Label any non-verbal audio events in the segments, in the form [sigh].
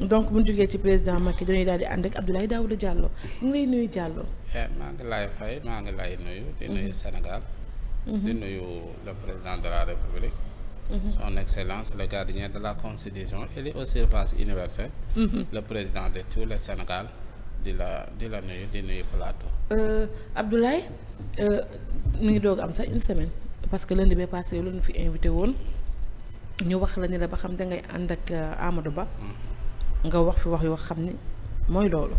donc mu ñu jógee ci président Macky dañuy daal di ànd ak Abdoulaye Daouda Diallo mu ngi lay nuyu Diallo. Eh, maa ngi lay fay maa ngi lay nuyu. di mhm. nuyu Sénégal. Mhm. di nuyu le président de la République. Mhm. son excellence le gardien de la constitution il est au service universel. le président de tout le Sénégal di la di la nuyu di nuyu plateau. Euh, Abdoulaye euh, mi ngi doog am sax une semaine parce que lundi bee passé yow la ñu fi invité woon ñu wax la ne la ba xam dangay ànd ak euh, Amadou Ba. nga wax fi wax yoo xam ne mooy loolu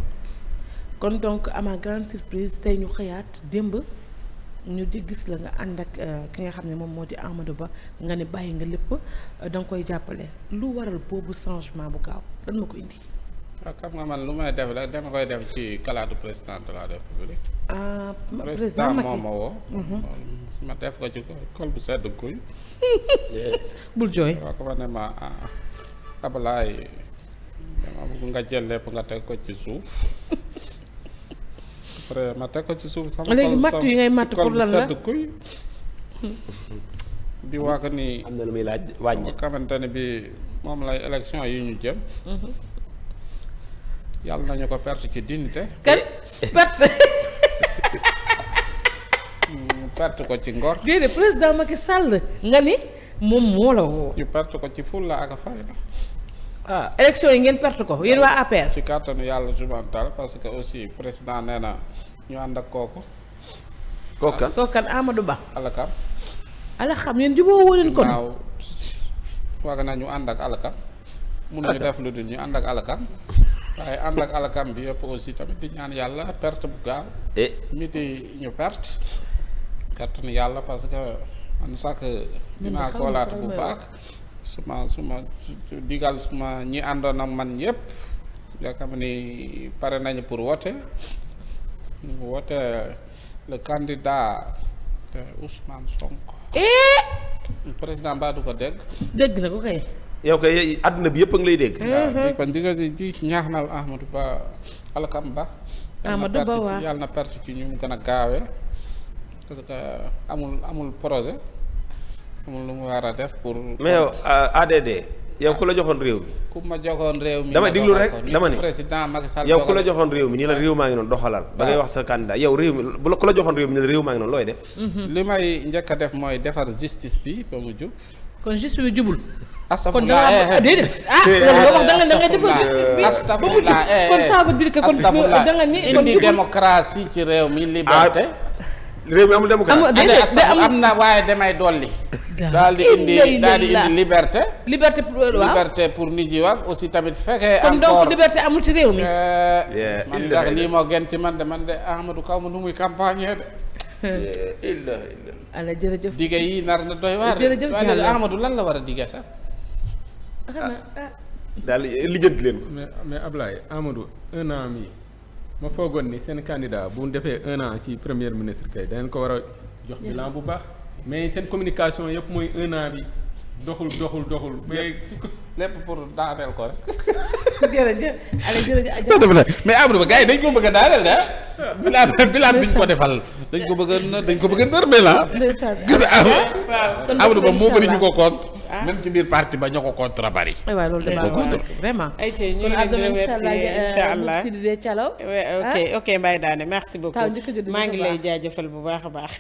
kon donc à ma surprise tey ñu xëyaat démb ñu di gis la nga ànd ak euh, ki nga xam ne moom moo di Amadou Ba nga ne bàyyi nga lépp euh, da nga koy jàppale lu waral boobu changement bu gaaw lan ah, ma koy def de la ah, mhm. ma def ko ci kol bu sedd guy. [laughs] bul jooy. dama bëgg nga jël lépp nga teg ko ci suuf [laughs] après ma teg ko ci suuf. sama léegi matt yi ngay matt pour lan la kuy. [laughs] di wax que ni. am na lu xamante ne bi moom lay élection yi ñu jëm. Mhm. yàlla nañu ko perte ci dignité. kan perte. [laughs] Mm, perte ko ci ngor. déedéet président Macky Sall nga ni moom moo la woo. ñu perte ko ci fulla ak fayda. ah élection yi ngeen perte ko yéen waa APR. ci kàttanu yàlla jubantal parce que aussi président nee na ñu ànd ak kooku. kookan ah. kookan Amadou Ba. alakam. alakam yéen jubóo woo leen kon. waaw wax na ñu ànd ak alakam. mënuñu def lu dul ñu ànd ak alakam. waaye ànd ak alakam bi yëpp aussi tamit di ñaan yàlla perte bu gaaw. et eh. ñu perte. kàttanu yàlla parce que man sax dinaa koolaat bu baax. suma suma digal suma ñi àndoon ak man ñëpp yaakaar ma ni pare nañu pour woote woote le candidat Ousmane Sonko. Eh! président Ba du ko dégg. dégg na ko kay. yow kay àdduna bi yëpp a ngi lay dégg. waaw kon digal ji ñaax na Ahmadou Ba alkam Ba. Amadou na parti ci ñu mu gën a gaawee parce que amul amul projet. moom lu mu war a def pour. mais yow euh, ADD. yow ku la joxoon réew mi. ku ma joxoon réew mi. dama diglu rek dama ne président Macky Sall yow ku la joxoon réew mi nii la réew maa ngi noonu doxalal. ba ngay wax sa candidat yow réew mi bu la ku la joxoon réew mi nii la réew maa ngi noonu looy def. Mhm. li may njëkk a def mooy defar justice bi ba mu jub. kon justice bi jubul. kon da ngaa eh, eh. déedéet ah eh, loolu wax da nga da nga defal justice bi ba mu jub kon ça veut dire que kon da nga ni indi démocratie ci réew mi liberté. Ah, réew mi amul démocratie am na waaye damay dolli daal di indi daal di indi liberté. liberté pour euh, liberté pour nit yi wax aussi tamit fekkee. encore kon donc liberté amul ci réew mi. Euh, man ndax lii moo gën ci man de man de Amadou Kaw ma nu muy campagne de. illa illa ala jërëjëf dige yi nar na doy waar. jërëjëf jàll Amadou lan la war a dige sax. Ah, ah. daal lijjanti leen ko. mais mais Ablaye Amadou un an mi ma foogoon ni seen candidat bu defee un an ci premier ministre kay danañ ko war a jox bilan bu baax. mais seen communication yëpp mooy un an bi doxul doxul doxul. mais lépp pour daaneel ko rek. [laughs] jërëjëf allez jërëjëf. mais Amadou Ba gars yi dañ ko bëgg a daaneel ah. bilan [laughs] bilan bi ñu ko defal. dañ ko bëgg a dañ ko bëgg a nërmeel ah. gis nga ah. Ba moo bëri ñu ko compte. Ah. même ci biir parti ba ñoo ko contre bari. aywa loolu de vraiment. ayca ñu ngi leen di remercier incha allah euh, ok ah. ok Mbaye maa ngi lay jaajëfal bu baax a baax.